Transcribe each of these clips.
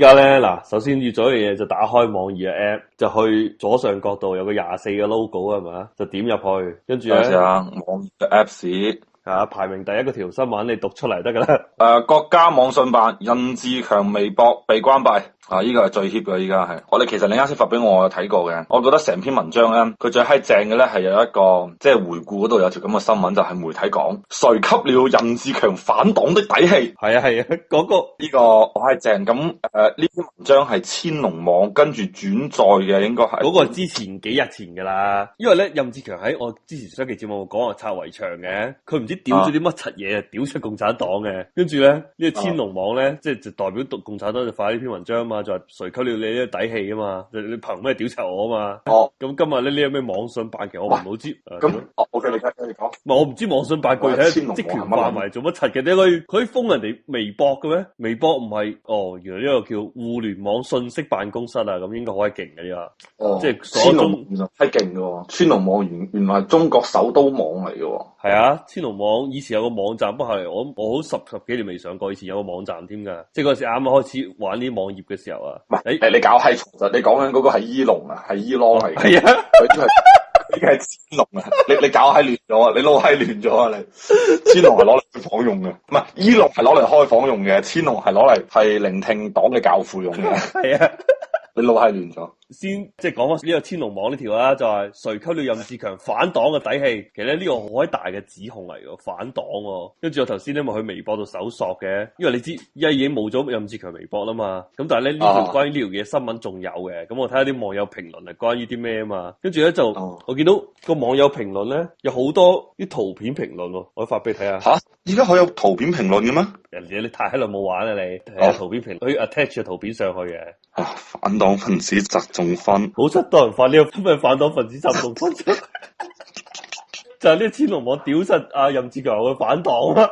而家呢嗱，首先要做嘅嘢就打開網易嘅 App，就去左上角度有個廿四嘅 logo 係咪，就點入去，跟住有咧，網易嘅 Apps 啊，排名第一個條新聞你讀出嚟得噶啦。誒、呃，國家網信辦任志強微博被關閉。啊！依、這個係最 heat 嘅，依家係我哋其實你啱先發俾我，我有睇過嘅。我覺得成篇文章咧，佢最閪正嘅咧係有一個即係回顧嗰度有條咁嘅新聞，就係、是、媒體講誰給了任志強反黨的底氣？係啊係啊，嗰、這個呢個我係正咁誒。呢、呃、篇文章係千龍網跟住轉載嘅，應該係嗰個之前幾日前嘅啦。因為咧，任志強喺我之前上期節目講話拆圍牆嘅，佢唔知屌咗啲乜柒嘢，屌、啊、出共產黨嘅。跟住咧呢、這個千龍網咧，即係就代表讀共產黨就發呢篇文章啊嘛～就係誰給了你呢個底氣啊嘛？你你憑咩屌查我啊嘛？哦、oh. 嗯，咁今日咧，呢有咩網信辦嘅，其實我唔好知。誒、uh, 嗯，咁，O K，我唔知網信辦局喺職權掛埋做乜柒嘅，點解佢封人哋微博嘅咩？微博唔係哦，原來呢個叫互聯網信息辦公室啊，咁應該好係勁嘅呢個哦，即係千龍網係勁嘅，千龍網原原來係中國首都網嚟嘅，係啊，嗯、千龍網以前有個網站，不係我我好十十幾年未上過，以前有個網站添噶，即係嗰時啱啱開始玩啲網頁嘅時候啊，唔誒你，你搞閪，你講緊嗰個係伊龍啊，係伊龍嚟嘅，係啊。呢個係天龍啊！你你搞係亂咗啊！你腦係亂咗啊！你天龍係攞嚟做房用嘅，唔係，伊龍係攞嚟開房用嘅，天龍係攞嚟係聆聽黨嘅教父用嘅，係啊！ 你腦係亂咗。先即係講翻呢個《千龍網》呢條啦，就係、是、誰給了任志強反黨嘅底氣？其實咧呢個好閪大嘅指控嚟嘅。反黨喎、哦。跟住我頭先咧咪去微博度搜索嘅，因為你知而家已經冇咗任志強微博啦嘛。咁但係咧呢條關於呢條嘢新聞仲有嘅，咁、啊、我睇下啲網友評論係關於啲咩啊嘛。跟住咧就、啊、我見到個網友評論咧有好多啲圖片評論喎、哦，我發俾你睇下。嚇、啊！而家可有圖片評論嘅咩？人哋你太閪耐冇玩啦、啊、你，有圖片評論，佢、啊、attach 嘅圖片上去嘅。啊！反黨分子窄窄窄同好出多人發呢、這個咩反黨分子習仲勛， 就係呢千龍網屌實阿任志強嘅反黨啦。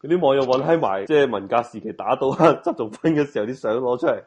嗰 啲網友搵喺埋，即係文革時期打倒，啊習仲勛嘅時候啲相攞出嚟，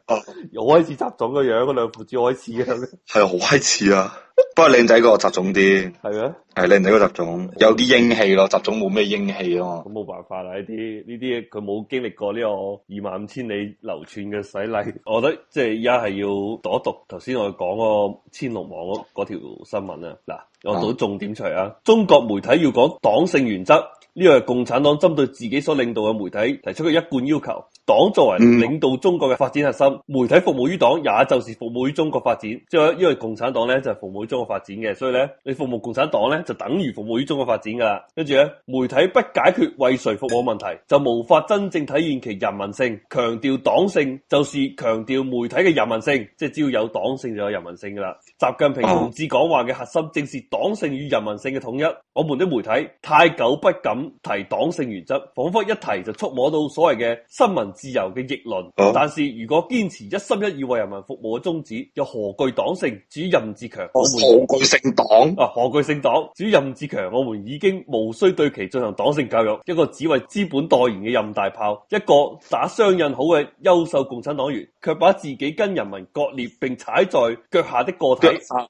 又好似習仲勛嘅樣，兩父子好似啊，係好閪似啊。 不過靚仔個習總啲，係啊嗎，係靚仔個習總，有啲英氣咯，習總冇咩英氣啊嘛，咁冇辦法啦，呢啲呢啲佢冇經歷過呢個二萬五千里流竄嘅洗禮，我覺得即係而家係要讀一讀，頭先我講個千龍網嗰嗰條新聞啊。嗱，我讀到重點出嚟啊，中國媒體要講黨性原則，呢個係共產黨針對自己所領導嘅媒體提出嘅一貫要求，黨作為領導中國嘅發展核心，嗯、媒體服務於黨，也就是服務於中國發展，即係因為共產黨咧就係服務。中國發展嘅，所以咧，你服務共產黨咧，就等於服務於中國發展噶啦。跟住咧，媒體不解決為誰服務嘅問題，就無法真正體現其人民性。強調黨性，就是強調媒體嘅人民性，即係只要有黨性就有人民性噶啦。習近平同志講話嘅核心，正是黨性與人民性嘅統一。我們的媒體太久不敢提黨性原則，仿佛一提就觸摸到所謂嘅新聞自由嘅逆鱗。但是如果堅持一心一意為人民服務嘅宗旨，又何懼黨性？至於任志強。我們。何懼姓黨啊？何懼姓黨？至於任志強，我們已經無需對其進行黨性教育。一個只為資本代言嘅任大炮，一個打相印好嘅優秀共產黨員，却把自己跟人民割裂並踩在腳下的個體，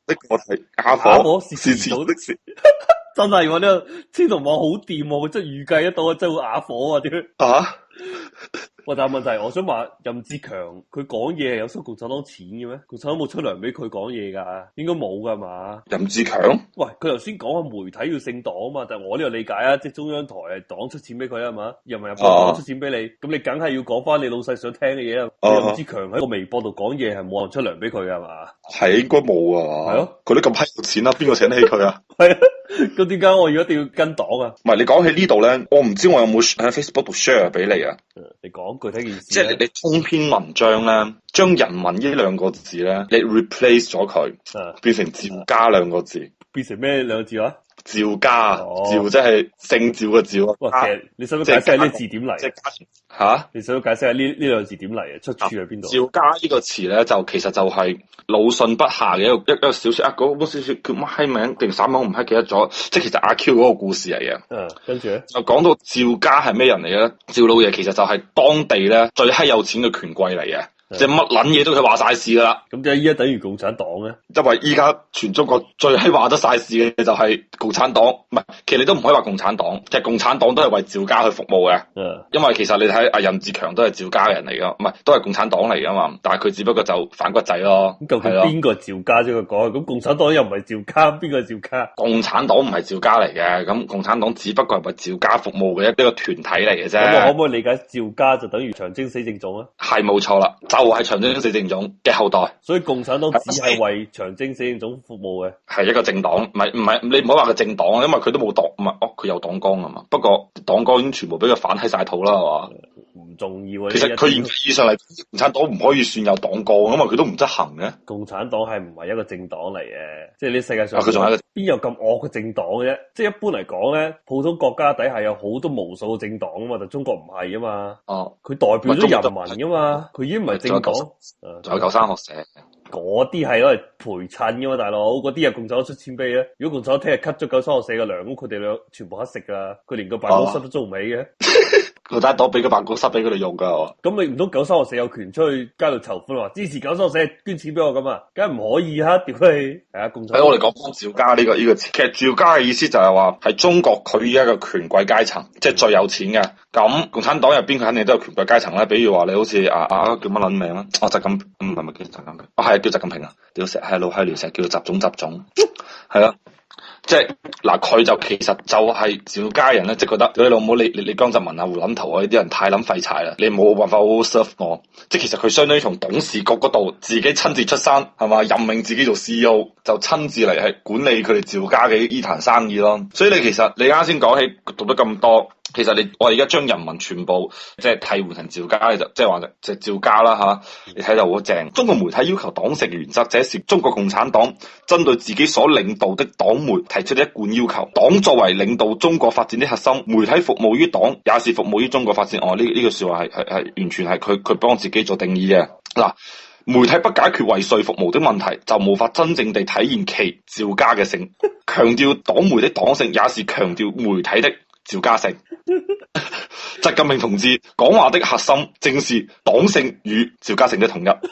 的個體，啞火，火是是好的，的事。 真係我呢個千龍網好掂，我真係預計得到，真係會啞火啊！點啊？喂，但係問題，我想話任志強佢講嘢係有收共產黨錢嘅咩？共產黨冇出糧俾佢講嘢噶，應該冇噶嘛？任志強，志強喂，佢頭先講啊，媒體要姓黨啊嘛，但係我呢個理解啊，即係中央台係黨出錢俾佢啊嘛，是是人民日報出錢俾你，咁、啊、你梗係要講翻你老細想聽嘅嘢啊。任志強喺個微博度講嘢係冇人出糧俾佢噶嘛？係應該冇啊。係咯，佢都咁批錢啦，邊個請得起佢啊？係啊。 咁點解我而家一定要跟黨啊？唔係你講起呢度咧，我唔知我有冇喺 Facebook 度 share 俾你啊、嗯？你講具體件事，即係你通篇文章咧，將人民呢兩個字咧，你 replace 咗佢，嗯、變成趙家兩個字，變成咩兩個字啊？趙家，趙即係姓趙嘅趙啊。你想唔想解釋下啲字點嚟？吓，你想唔想解釋下呢呢兩字點嚟啊？出處喺邊度？趙、啊、家個詞呢個詞咧，就其實就係魯迅筆下嘅一個一個小說啊。嗰、那、本、個、小說叫乜閪名？定散文我唔係記得咗。即係其實阿 Q 嗰個故事嚟嘅。跟住咧，呢就講到趙家係咩人嚟咧？趙老爺其實就係當地咧最閪有錢嘅權貴嚟嘅。只乜捻嘢都佢話晒事噶啦，咁即係依家等於共產黨咧？因為依家全中國最係話得晒事嘅就係共產黨。唔係，其實你都唔可以話共產黨，即係共產黨都係為趙家去服務嘅。嗯，因為其實你睇阿任志強都係趙家人嚟噶，唔係都係共產黨嚟噶嘛？但係佢只不過就反骨仔咯。究竟邊個趙家先佢講？咁共產黨又唔係趙家，邊個趙家？共產黨唔係趙家嚟嘅，咁共產黨只不過係為趙家服務嘅一個團體嚟嘅啫。咁我可唔可以理解趙家就等於長征死剩種啊？係冇錯啦。我係長征四政總嘅後代，所以共產黨只係為長征四政總服務嘅，係一個政黨。唔係，唔係，你唔好話佢政黨啊，因為佢都冇黨，唔係，哦，佢有黨綱啊嘛，不過黨綱已經全部俾佢反喺晒肚啦，係嘛？唔重要啊！其實佢現時上嚟，共產黨唔可以算有黨綱噶嘛，佢、嗯、都唔執行嘅。共產黨係唔係一個政黨嚟嘅？即係呢世界上，佢仲係一個邊有咁惡嘅政黨嘅啫？即係一般嚟講咧，普通國家底下有好多無數嘅政黨啊嘛，但中國唔係啊嘛。哦、啊，佢代表咗人民噶嘛，佢已經唔係政黨。誒，仲有九三學社，嗰啲係攞嚟陪襯噶嘛，大佬，嗰啲係共產黨出錢畀啊。如果共產黨聽日吸咗九三學社嘅糧，咁佢哋兩全部乞食噶，佢連個辦公室都租唔起嘅。啊 我打倒俾個辦公室俾佢哋用噶，咁你唔通九三學社有權出去街度籌款話支持九三學社捐錢俾我咁啊？梗係唔可以吓，點解、欸？係啊，共產我哋講趙家呢個呢個，其實趙家嘅意思就係話係中國佢依家嘅權貴階層，即、就、係、是、最有錢嘅。咁、嗯嗯、共產黨入邊佢肯定都有權貴階層啦，比如話你好似啊啊叫乜卵名啊，習近唔係咪叫習、啊近，嗯、近平，啊係、啊、叫習近平啊，叫石係老閪嚟，成日叫習總習總，係啊。 即係嗱，佢就其實就係趙家人咧，即係覺得你老母，你你你江澤民啊、胡林圖啊呢啲人太諗廢柴啦，你冇辦法好好 serve 我。即係其實佢相當於從董事局嗰度自己親自出山係嘛，任命自己做 CEO，就親自嚟係管理佢哋趙家嘅呢壇生意咯。所以你其實你啱先講起讀得咁多。其實你我而家將人民全部即係替換成趙家，就即係話就係趙家啦嚇。你睇就好正。中國媒體要求黨性原則，這是中國共產黨針對自己所領導的黨媒提出的一貫要求。黨作為領導中國發展的核心，媒體服務於黨，也是服務於中國發展。我呢呢個説話係係係完全係佢佢幫自己做定義嘅。嗱、啊，媒體不解決為誰服務的問題，就無法真正地體現其趙家嘅性。強調黨媒的黨性，也是強調媒體的。趙嘉誠，習近平同志講話的核心正是黨性與趙嘉誠的統一。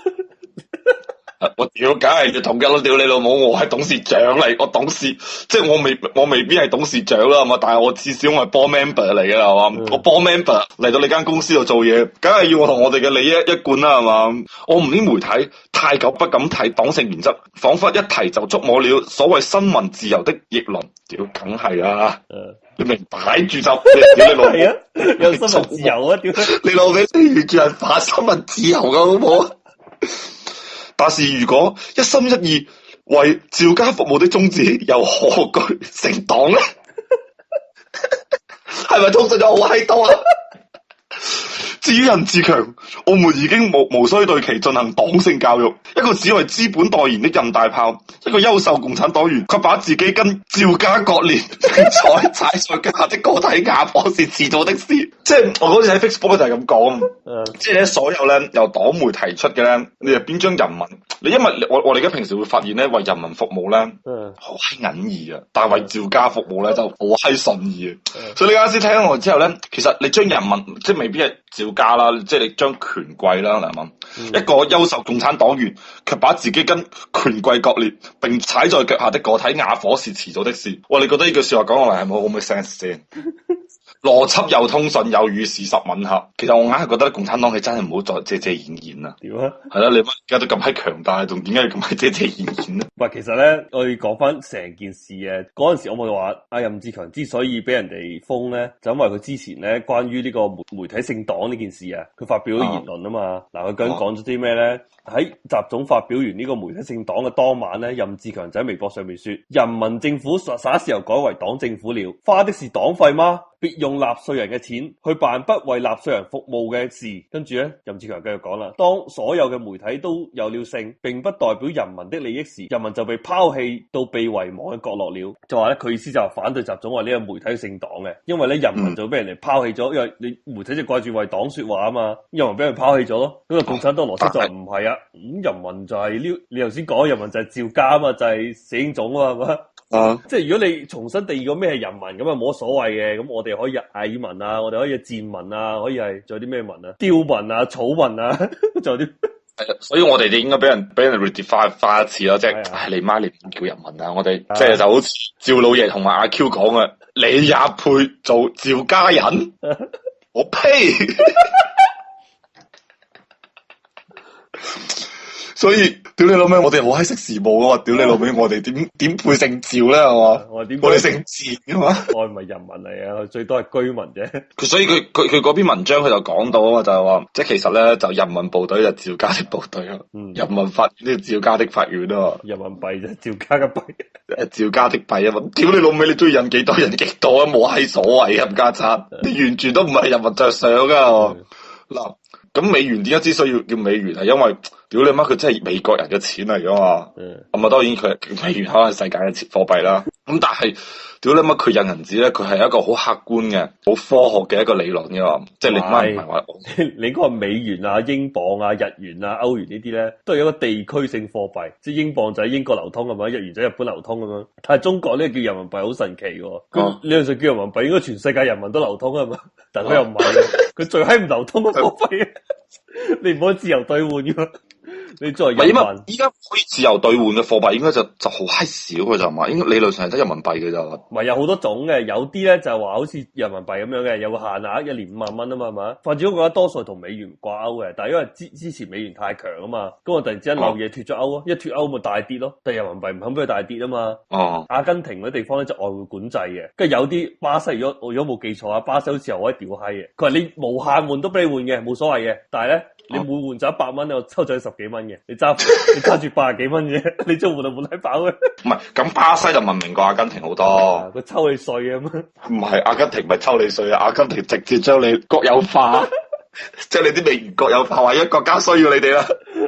我屌，梗係要統一咯！屌你老母，我係董事長嚟，我董事，即係我未我未必係董事長啦，係嘛？但係我至少我係 board member 嚟噶啦，係嘛？mm. 我 board member 嚟到你間公司度做嘢，梗係要我同我哋嘅利益一貫啦，係嘛？我唔啲媒體太久不敢睇黨性原則，仿佛一提就觸摸了所謂新聞自由的逆鱗。屌，梗係啦。Uh. 你明擺住就屌你老係啊，有新聞自由啊，屌 你老味！你完全係反新聞自由噶、啊、好唔好？ 但是如果一心一意為趙家服務的宗旨，又何懼成黨咧？係 咪 通隧道？好喺度啊！至於任志強，澳門已經無無需對其進行黨性教育。一個只為資本代言的任大炮，一個優秀共產黨員，卻把自己跟趙家國連踩踩上家的個體啞婆，我是遲早的事。即係我嗰次喺 Facebook 就係咁講。即係所有咧，由黨媒提出嘅咧，你入邊張人民？你因為我我哋而家平時會發現咧，為人民服務咧，好係仁義啊，但係為趙家服務咧，就好係順義啊。所以你啱先聽我之後咧，其實你將人民即係未必係趙家啦，即係你將權貴啦，嗱，一個優秀共產黨員卻把自己跟權貴割裂，並踩在腳下的個體啞火是遲早的事。哇，你覺得呢句說話講落嚟係冇好咩 sense 啫？邏輯又通順又與事實吻合。其實我硬係覺得共產黨係真係唔好再遮遮掩掩啦。點啊？係啦，你而家都咁閪強大，仲點解要咁閪遮遮掩掩咧？喂，其實咧，我哋講翻成件事嘅嗰陣時我，我咪話阿任志強之所以俾人哋封咧，就因為佢之前咧關於呢個媒媒體姓黨呢件事啊，佢發表咗言論啊嘛。嗱，佢究竟講咗啲咩咧？喺習、啊、總發表完呢個媒體姓黨嘅當晚咧，任志強就喺微博上面說：人民政府什啥時候改為黨政府了？花的是黨費嗎？別用納稅人嘅錢去辦不為納稅人服務嘅事。跟住咧，任志強繼續講啦。當所有嘅媒體都有了姓，並不代表人民的利益時，人民就被拋棄到被遺忘嘅角落了。就話咧，佢意思就係反對習總話呢個媒體姓黨嘅，因為咧人民就俾人哋拋棄咗，因為你媒體就掛住為黨說話啊嘛，人民俾人拋棄咗咯。咁啊，共產黨邏輯就唔係啊，咁人民就係、是、呢，你頭先講人民就係趙家啊嘛，就係習總啊嘛，嘛、 uh？Huh. 即係如果你重新定義過咩係人民咁啊，冇乜所謂嘅，咁我哋。可以嘅蟻民啊，我哋可以賤民啊，可以係做啲咩民啊？刁民啊，草民啊，仲有啲。 所以我哋哋應該俾人俾人 refine 翻一次咯，即、就、係、是哎、呀你媽你點叫人民啊？我哋即係就好似趙老爺同埋阿 Q 講啊，你也配做趙家人？ 我呸 pay！ 所以，屌你老味，我哋好閪識時務啊嘛？屌你老味，我哋點點配姓趙咧？係嘛？我哋姓趙噶嘛？我唔係人民嚟啊，最多係居民啫。佢 所以佢佢佢嗰篇文章佢就講到啊嘛，就係話即係其實咧就人民部隊就趙家的部隊啊。人民法院呢趙家的法院啊，嗯、人民幣就趙家嘅幣，趙家的幣啊嘛！屌 你老味，你中意印幾多人幾多啊？冇閪所謂啊，冚家鏟，你完全都唔係人民着想噶，嗱。咁美元點解之所以叫美元係因為屌你媽佢真係美國人嘅錢嚟噶嘛，咁啊 Yeah. 當然佢美元可能係世界嘅貨幣啦。咁但係，屌你乜佢印銀紙咧，佢係一個好客觀嘅、好科學嘅一個理論嘅，即係 你乜唔係你你嗰個美元啊、英鎊啊、日元啊、歐元呢啲咧，都係一個地區性貨幣，即係英鎊就喺英國流通係嘛？日元就喺日本流通咁樣。但係中國呢叫人民幣好神奇喎，呢、啊、你就叫人民幣應該全世界人民都流通係嘛？但係佢又唔係，佢、啊、 最閪唔流通嘅貨幣，他 你唔可以自由兌換嘅。你作唔係因為依家可以自由兌換嘅貨幣應該就就好嗨少嘅咋係嘛？應該理論上係得人民幣嘅咋？唔係、嗯嗯、有好多種嘅，有啲咧就話好似人民幣咁樣嘅，有個限額，一年五萬蚊啊嘛，係嘛？發展到嗰一多數同美元掛鈎嘅，但係因為之之前美元太強啊嘛，咁我突然之間漏嘢脱咗鈎啊，一脱鈎咪大跌咯，但係人民幣唔肯俾佢大跌啊嘛。哦。阿根廷嗰啲地方咧就外匯管制嘅，跟住有啲巴西如果我如果冇記錯啊，巴西好似又可以屌閪嘅，佢話你無限換都俾你換嘅，冇所謂嘅，但係咧你每換就一百蚊，我抽取十幾蚊。 你揸你揸住八十幾蚊嘅，你將換到換低包嘅。唔係、啊， 咁巴西就文明過阿根廷好多。佢抽你稅啊嘛。唔係，阿根廷咪抽你稅啊。阿根廷直接將你國有化。 即係你啲美元各有化，萬一國家需要你哋啦，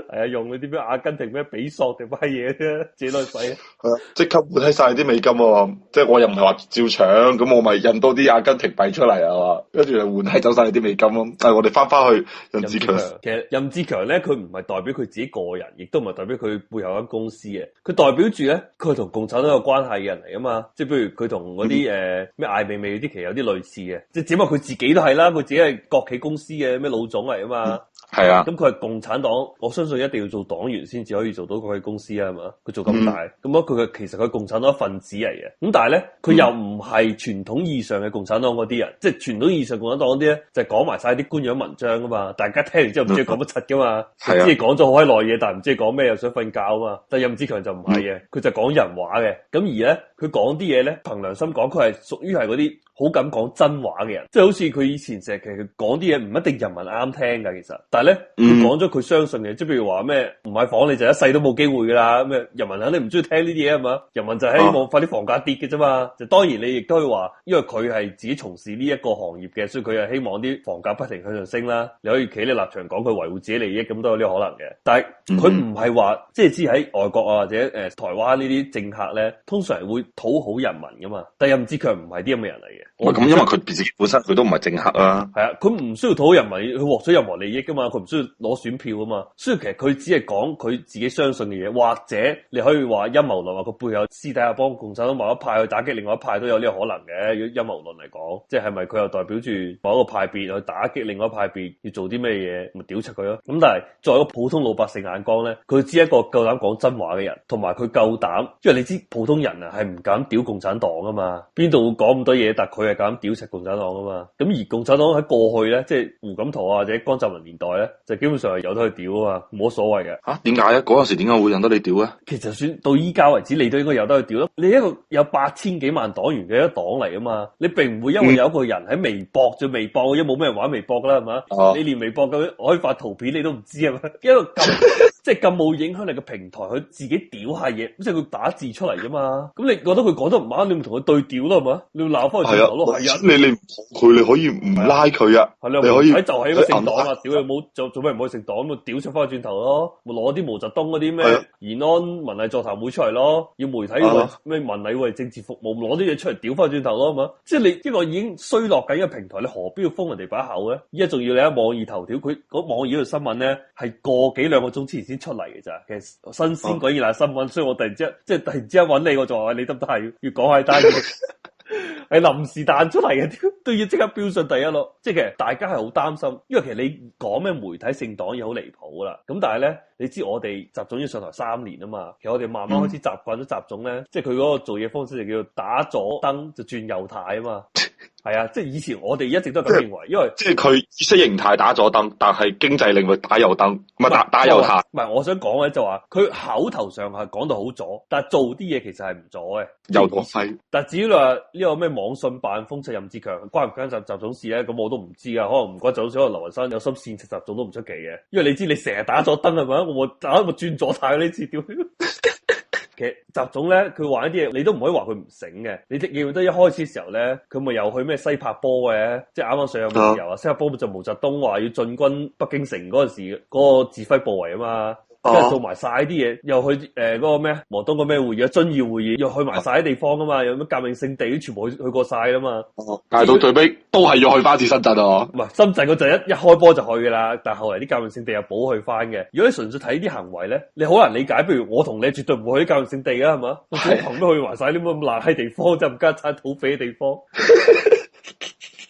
係啊，用你啲咩阿根廷咩比索定乜嘢啫， 自己攞去使 啊，即刻換晒啲美金喎。即係我又唔係話照搶，咁我咪印多啲阿根廷幣出嚟啊嘛，跟住又換晒走晒啲美金啊。但、哎、係我哋翻翻去任志,任志強，其實任志強咧，佢唔係代表佢自己個人，亦都唔係代表佢背後間公司嘅，佢代表住咧，佢係同共產黨有關係嘅人嚟啊嘛。即係比如佢同嗰啲誒咩艾未未啲，其實有啲類似嘅。即係只不過，佢自己都係啦，佢自己係國企公司嘅。咩老總嚟啊嘛，係啊，咁佢係共產黨，我相信一定要做黨員先至可以做到佢嘅公司啊嘛，佢做咁大，咁啊佢嘅其實，佢共產黨分子嚟嘅，咁但係咧佢又唔係傳統意義上嘅共產黨嗰啲人，即係傳統意義上共產黨嗰啲咧就係講埋晒啲官樣文章噶嘛，大家聽完之後唔知佢講乜柒噶嘛，即係講咗好閪耐嘢，但係唔知講咩又想瞓覺啊嘛，但任志強就唔係嘅，佢、嗯、就講人話嘅，咁而咧佢講啲嘢咧憑良心講，佢係屬於係嗰啲好敢講真話嘅人，即係好似佢以前成日其實講啲嘢唔一定。人民啱聽㗎，其實，但係咧，佢講咗佢相信嘅，即係譬如話咩唔買房你就一世都冇機會㗎啦，咁人民肯定唔中意聽呢啲嘢係嘛？人民就係希望快啲房價跌嘅啫嘛。啊、就當然你亦都係話，因為佢係自己從事呢一個行業嘅，所以佢係希望啲房價不停向上升啦。你可以企你立場講佢維護自己利益，咁都有啲可能嘅。但係佢唔係話即係知喺外國、啊、或者誒台灣呢啲政客咧，通常會討好人民㗎嘛。但係任志強唔係啲咁嘅人嚟嘅。咁是不因為佢本身佢都唔係政客啦。係啊，佢唔需要討好人民。佢獲取任何利益噶嘛？佢唔需要攞選票啊嘛，所以其實佢只係講佢自己相信嘅嘢，或者你可以話陰謀論話佢背後私底下幫共產黨某一派去打擊另外一派都有呢個可能嘅，如果陰謀論嚟講，即係咪佢又代表住某一個派別去打擊另外一派別，一派別要做啲咩嘢咪屌柒佢咯？咁但係作為一個普通老百姓眼光咧，佢知一個夠膽講真話嘅人，同埋佢夠膽，即係你知普通人啊係唔敢屌共產黨啊嘛，邊度會講咁多嘢？但佢係敢屌柒共產黨啊嘛。咁而共產黨喺過去咧，即係錦濤啊，或者江澤民年代咧，就基本上係由得佢屌啊，冇乜所謂嘅。吓，點解咧？嗰陣時點解會由得你屌咧？其實算到依家為止，你都應該由得佢屌囉。你一個有八千幾萬黨員嘅一黨嚟啊嘛，你並唔會因為有一個人喺微博就微博，因冇咩人玩微博噶啦，係嘛？啊、你連微博我可以發圖片，你都唔知啊嘛，因為咁。 即係咁冇影響力嘅平台，佢自己屌下嘢，即係佢打字出嚟啫嘛。咁你覺得佢講得唔啱，你唔同佢對屌咯，係嘛？你要鬧翻佢上網咯。係啊的，的你的你佢他你可以唔拉佢啊。係的你可以。喺就係個聖黨啊！屌你冇做做咩唔可以聖黨咁？屌出翻轉頭咯，攞啲毛澤東嗰啲咩延安文藝座談會出嚟咯，要媒體話咩的文藝為政治服務，攞啲嘢出嚟屌翻轉頭咯，係嘛的？即係你呢個已經衰落緊嘅平台，你何必要封人哋把口咧？依家仲要你喺網易頭條，佢嗰、那個、網易嘅新聞咧係個幾兩個鐘之前，先出嚟嘅咋，其實新鮮嗰二條新聞，啊、所以我突然之即係突然之間揾你，我仲話你得唔得係要講下單嘢，係臨 時彈出嚟嘅，都要即刻標上第一咯。即係其實大家係好擔心，因為其實你講咩媒體姓黨嘢好離譜啦。咁但係咧，你知我哋習總已經上台三年啊嘛，其實我哋慢慢開始習慣咗習總咧，即係佢嗰個做嘢方式就叫做打左燈就轉右太啊嘛。嗯係啊，即係以前我哋一直都咁認為，因為即係佢意識形態打左燈，但係經濟領域打右燈，唔係打不打右軚，唔係我想講嘅就話、是、佢口頭上係講到好左，但係做啲嘢其實係唔左嘅又黨。係，但係至於你話呢個咩網信辦諷刺任志強關唔關習習總事咧？咁我都唔知啊，可能唔關習總，可能劉雲山有心善習習總都唔出奇嘅。因為你知你成日打左燈係咪？我、啊、我打一我轉左派呢次，屌，屌！ 其實習總呢，佢玩一啲嘢，你都唔可以話佢唔醒嘅。你只要記得一開始的時候咧，佢咪又去咩西柏坡嘅，即係啱啱上任嗰陣時啊。西柏坡就毛澤東話要進軍北京城嗰陣時，嗰個指揮部位啊嘛。即係、啊、做埋晒啲嘢，又去誒嗰、呃嗰個咩？毛澤東個咩會議啊？遵義會議，又去埋晒啲地方噶嘛？啊、有咩革命聖地都全部去去過晒啦嘛？去到、啊、最尾都係要去巴士深圳啊。唔係深圳嗰陣一,一開波就去噶啦，但係後嚟啲革命聖地又補去翻嘅。如果你純粹睇啲行為咧，你好難理解。譬如我同你絕對唔會去革命聖地啊，係嘛？我全部都去埋晒啲咁爛閪地方，即係唔加產土匪嘅地方。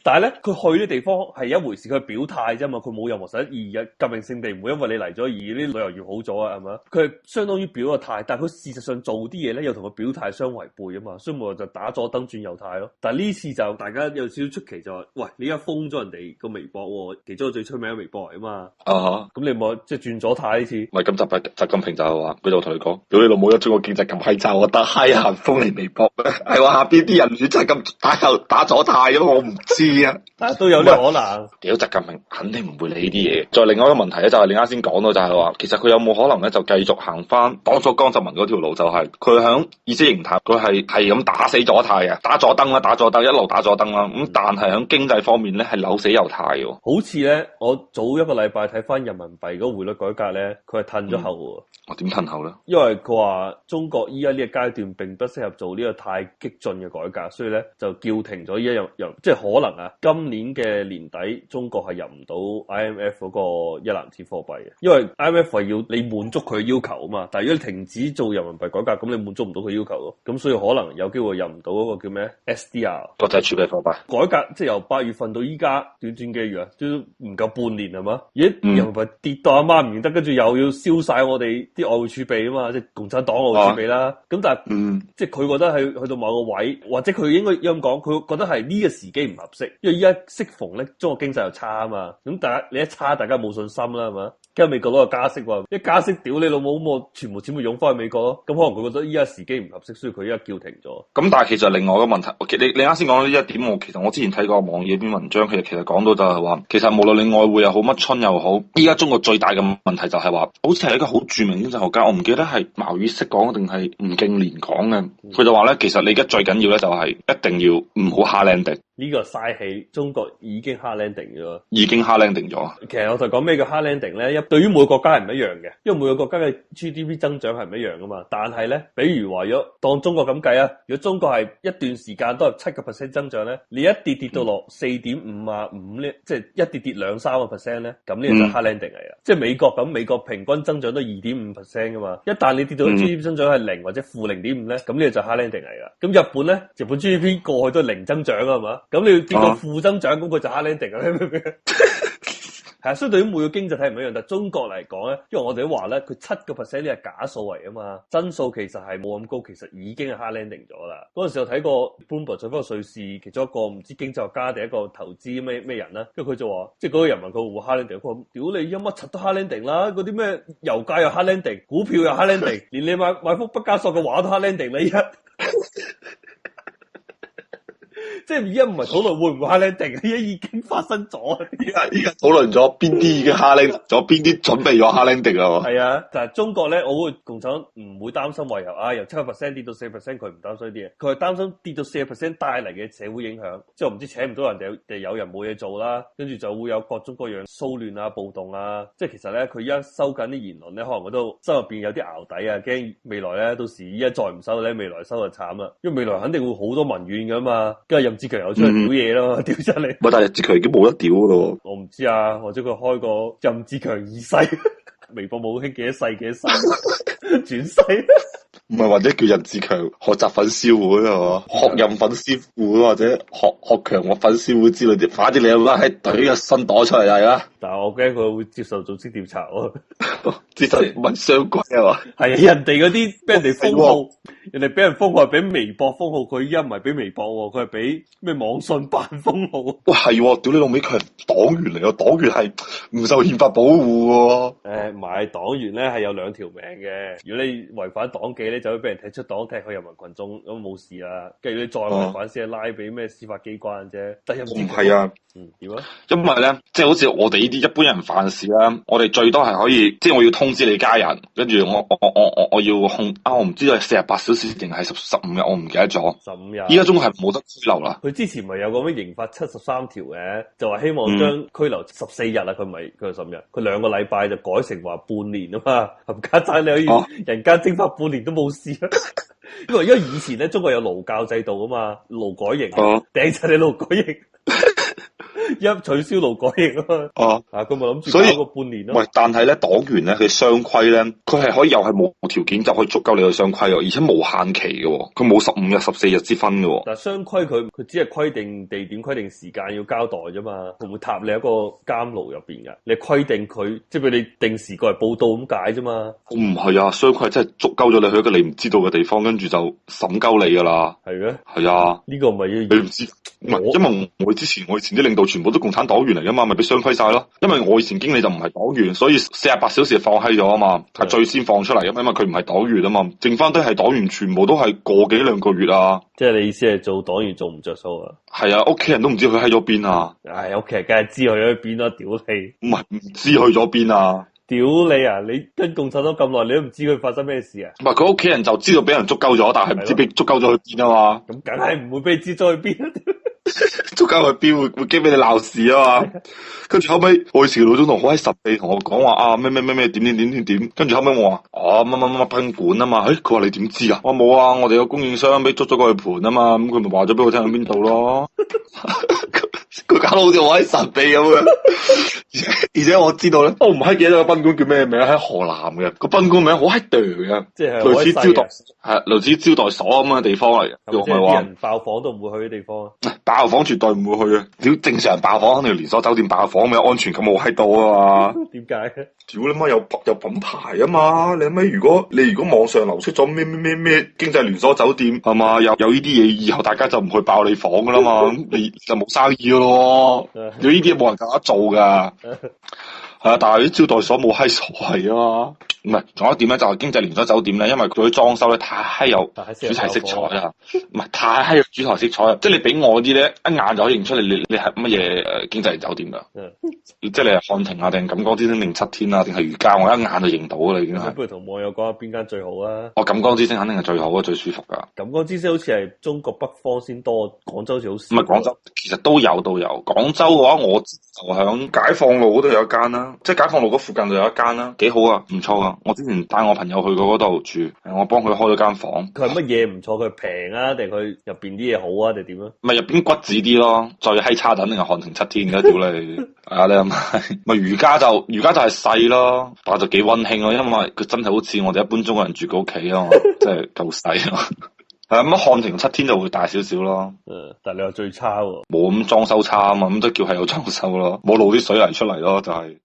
但係咧，佢去啲地方係一回事，佢表態啫嘛，佢冇任何實意義。革命聖地唔會因為你嚟咗而啲旅遊業好咗啊，係咪？佢係相當於表個態，但係佢事實上做啲嘢咧，又同佢表態相違背啊嘛，所以咪就打左燈轉右軚咯。但係呢次就大家有少少出奇，就話喂，你而家封咗人哋個微博，其中最出名嘅微博嚟啊嘛。啊咁你冇即係轉左軚呢次？唔係，金習近平就係話，佢就同你講，如果你老母一中個記者咁嗨炸，我得嗨下封你微博咩？係話下邊啲人轉真係咁打右打左軚咯，我唔知。啊，都有呢個可能。屌是，習近平肯定唔會理呢啲嘢。再另外一個問題咧，就係你啱先講到，就係話，其實佢有冇可能咧，就繼續行翻當咗江澤民嗰條路，就是，就係佢響意識形態，佢係係咁打死左軚嘅，打左燈啦，打左燈，一路打左燈啦。咁但係喺經濟方面咧，係扭死右軚嘅。好似咧，我早一個禮拜睇翻人民幣嗰匯率改革咧，佢係褪咗後嘅，嗯。我點褪後咧？因為佢話中國依家呢個階段，並不適合做呢個太激進嘅改革，所以咧就叫停咗呢一樣，又即係可能今年嘅年底，中國係入唔到 IMF 嗰個一籃子貨幣嘅，因為 IMF 係要你滿足佢要求啊嘛。但係如果你停止做人民幣改革，咁你滿足唔到佢要求咯。咁所以可能有機會入唔到嗰個叫咩 SDR 國際儲備貨幣改革，即係由八月份到依家短短幾月都唔夠半年係嘛？咦，嗯、人民幣跌到阿媽唔認得，跟住又要燒晒我哋啲外匯儲備啊嘛，即係共產黨外匯儲備啦。咁、啊、但係、嗯、即係佢覺得係去去到某個位，或者佢應該咁講，佢覺得係呢個時機唔合適。因為依家適逢咧，中國經濟又差啊嘛，咁大家你一差，大家冇信心啦，係嘛？跟住美國攞個加息，一加息，屌你老母，咁我全部錢會湧翻去美國咯。咁可能佢覺得依家時機唔合適，所以佢依家叫停咗。咁但係其實另外一個問題，你你啱先講呢一點，我其實我之前睇過網頁篇文章，其實其實講到就係話，其實無論你外匯又好，乜春又好，依家中國最大嘅問題就係話，好似係一個好著名經濟學家，我唔記得係茅于軾講定係吳敬璉講嘅，佢就話咧，其實你而家最緊要咧就係一定要唔好下靚敵。呢個嘥氣，中國已經 hard landing 咗。已經 hard landing 咗。其實我就講咩叫 hard landing 咧？一對於每個國家係唔一樣嘅，因為每個國家嘅 GDP 增長係唔一樣噶嘛。但係咧，比如話咗當中國咁計啊，如果中國係一段時間都係七個 percent 增長咧，你一跌跌到落四點五啊五咧，嗯、即係一跌跌兩三個 percent 咧，咁呢、呢個就 hard landing 嚟啦。嗯、即係美國咁，美國平均增長都二點五 percent 噶嘛。一旦你跌到 GDP 增長係零、嗯、或者負零點五咧，咁呢、呢個就 hard landing 嚟啦。咁日本咧，日本，本，本 GDP 過去都係零增長啊，係嘛？咁你要見到負增長咁，佢、啊、就 hard landing 啊！係啊，所以對於每個經濟體唔一樣，但係中國嚟講咧，因為我哋都話咧，佢七個 percent 呢係假數嚟啊嘛，增速其實係冇咁高，其實已經係 hard landing 咗啦。嗰陣 時候睇過《半部財富》，瑞士其中一個唔知經濟學家定一個投資咩咩人啦。跟住佢就話，即係嗰個人問佢會，會 hard landing 佢屌你，一乜柒都 hard landing 啦！嗰啲咩油價又 hard landing，股票又 hard landing 連你買買幅畢加索嘅畫都 hard landing 啦！一 即係而家唔係討論會唔會哈林定，而家已經發生咗。而家而家討論咗邊啲已經哈林咗，邊啲 準備咗哈林定啊？係啊，就係中國咧，我會共產黨唔會擔心話由啊，由七個 percent 跌到四 percent，佢唔擔心啲嘢，佢係擔心跌到四 percent 帶嚟嘅社會影響，即係我唔知請唔到人哋，地有，有人冇嘢做啦，跟住就會有各種各樣騷亂啊、暴動啊。即係其實咧，佢而家收緊啲言論咧，可能佢都心入邊有啲淆底啊，驚未來咧到時而家再唔收咧，未來收就慘啊，因為未來肯定會好多民怨噶嘛，跟住志強又出去屌嘢咯，屌出嚟！喂，但係志強已經冇得屌咯， 我唔知啊，或者佢開個任志強二世 微博冇興幾一世幾一世轉世，唔係 小或者叫任志強學習粉絲會係嘛？ 學任粉絲會或者學學強我粉絲會之類啲，反正你阿媽喺隊入伸躲出嚟啊！ 但係我驚佢會接受組織調查喎，接受問相關啊？嘛？係啊，人哋嗰啲俾人哋封號。 人哋俾人封號，俾微博封號，佢依家唔係俾微博，佢係俾咩網信辦封號。哇，係，屌你老味，佢係黨員嚟嘅，黨員係唔受憲法保護。誒、哎，埋黨員咧係有兩條命嘅。如果你違反黨紀咧，就會俾人踢出黨，踢去人民群眾咁冇事啦。跟住你再犯事、啊、拉俾咩司法機關啫，得一年。唔係啊，嗯，點、啊、因為咧，即、就、係、是、好似我哋呢啲一般人犯事啦，我哋最多係可以，即、就、係、是、我要通知你家人，跟住我我我我我要控啊，我唔知道係四十八小定係十十五日，我唔記得咗。十五日，依家中國係冇得拘留啦。佢之前咪有個咩刑法七十三條嘅，就話希望將拘留十四日啦、啊。佢唔係佢係十日，佢兩個禮拜就改成話半年啊嘛。冚家鏟你可以人間蒸發半年都冇事啊，因 為因為以前咧中國有勞教制度啊嘛，勞改刑，掟晒 你勞改刑。 一 取消勞改營啊,啊！啊，佢咪諗住搞個半年咯、啊？喂，但係咧黨員咧佢雙規咧，佢係可以又係無條件就可以足夠你去雙規哦，而且無限期嘅、啊，佢冇十五日十四日之分嘅、啊。但雙規佢佢只係規定地點、規定時間要交代啫嘛，佢唔會插你一個監牢入邊嘅。你規定佢，即係俾你定時過嚟報到咁解啫嘛。唔係啊，雙規真係足夠咗你去一個你唔知道嘅地方，跟住就審鳩你噶啦嗎。係嘅是、啊，係啊，呢個咪要你唔知係？因為我之前我以前啲度全部都共產黨員嚟噶嘛，咪俾雙規晒咯。因為我以前經理就唔係黨員，所以四十八小時放棄咗啊嘛，係的最先放出嚟嘅，因為佢唔係黨員啊嘛，剩翻都係黨員，全部都係個幾兩個月啊。即係你意思係做黨員做唔着數啊？係啊，屋企、哎、人都唔知佢喺咗邊啊！唉，屋企人梗係知去咗邊啦，屌你！唔係唔知去咗邊啊？屌你啊，啊！你跟共產黨咁耐，你都唔知佢發生咩事啊？唔係佢屋企人就知道俾人捉夠咗，但係唔知俾捉夠咗去邊啊嘛。咁梗係唔會俾你知咗去邊。 捉監去標會會驚俾你鬧事啊嘛，跟住 後尾，我以前嘅老總同好喺實地同我講話啊咩咩咩咩，點點點點點，跟住後尾我話啊乜乜乜賓館啊嘛，誒佢話你點知啊，啊，我冇啊，我哋有供應商俾捉咗過去盤啊嘛，咁佢咪話咗俾我聽喺邊度咯。 佢搞到好似玩神秘咁樣！而且我知道咧，我唔閪記得個賓館叫咩名，喺河南嘅個賓館名好閪嗲嘅，即係是類似招待係類似招待所咁嘅地方嚟嘅，係話不人爆房都唔會去嘅地方。爆房絕對唔會去啊！屌正常人爆房肯定連鎖酒店爆房，咪有安全感冇喺度啊嘛？點解？屌你媽有有，有品牌啊嘛？你阿媽如果你如果網上流出咗咩咩咩咩經濟連鎖酒店係嘛？有有呢啲嘢以後大家就唔去爆你房噶啦嘛？咁 你就冇生意咯。咯，有呢啲冇人夠得做噶。 啊，但係啲招待所冇閪所謂啊！唔係，仲有一點咧，就係、是、經濟連鎖酒店咧，因為佢啲裝修咧太閪有主題色彩啦，唔係 太閪有主題色彩，即係你俾我啲咧，一眼就可以認出你，你你係乜嘢誒經濟酒店噶？ 即係你係漢庭啊，定係錦江之星定七天啊，定係如家？我一眼就認到啦，已經係。不如同網友講下邊間最好啊？哦，錦江之星肯定係最好啊，最舒服噶。錦江之星好似係中國北方先多，廣州就好少。唔係廣州，其實都有都有。廣州嘅、啊、話，我就響解放路都有一間啦、啊。即係解放路嗰附近就有一間啦，幾好啊，唔錯啊。我之前帶我朋友去過嗰度住，我幫佢開咗間房。佢係乜嘢唔錯？佢平啊，定佢入邊啲嘢好啊，定點啊？唔係入邊骨子啲咯，最閪差等定係漢庭七天嘅屌你， 啊你諗下，唔係如家就如家就係細咯，但係就幾溫馨咯、啊，因為佢真係好似我哋一般中國人住嘅屋企啊嘛，即係夠細啊。係咁啊，漢庭七天就會大少少咯。誒，但係你話最差喎，冇咁裝修差啊嘛，咁都叫係有裝修咯，冇露啲水泥出嚟咯、就係，就係。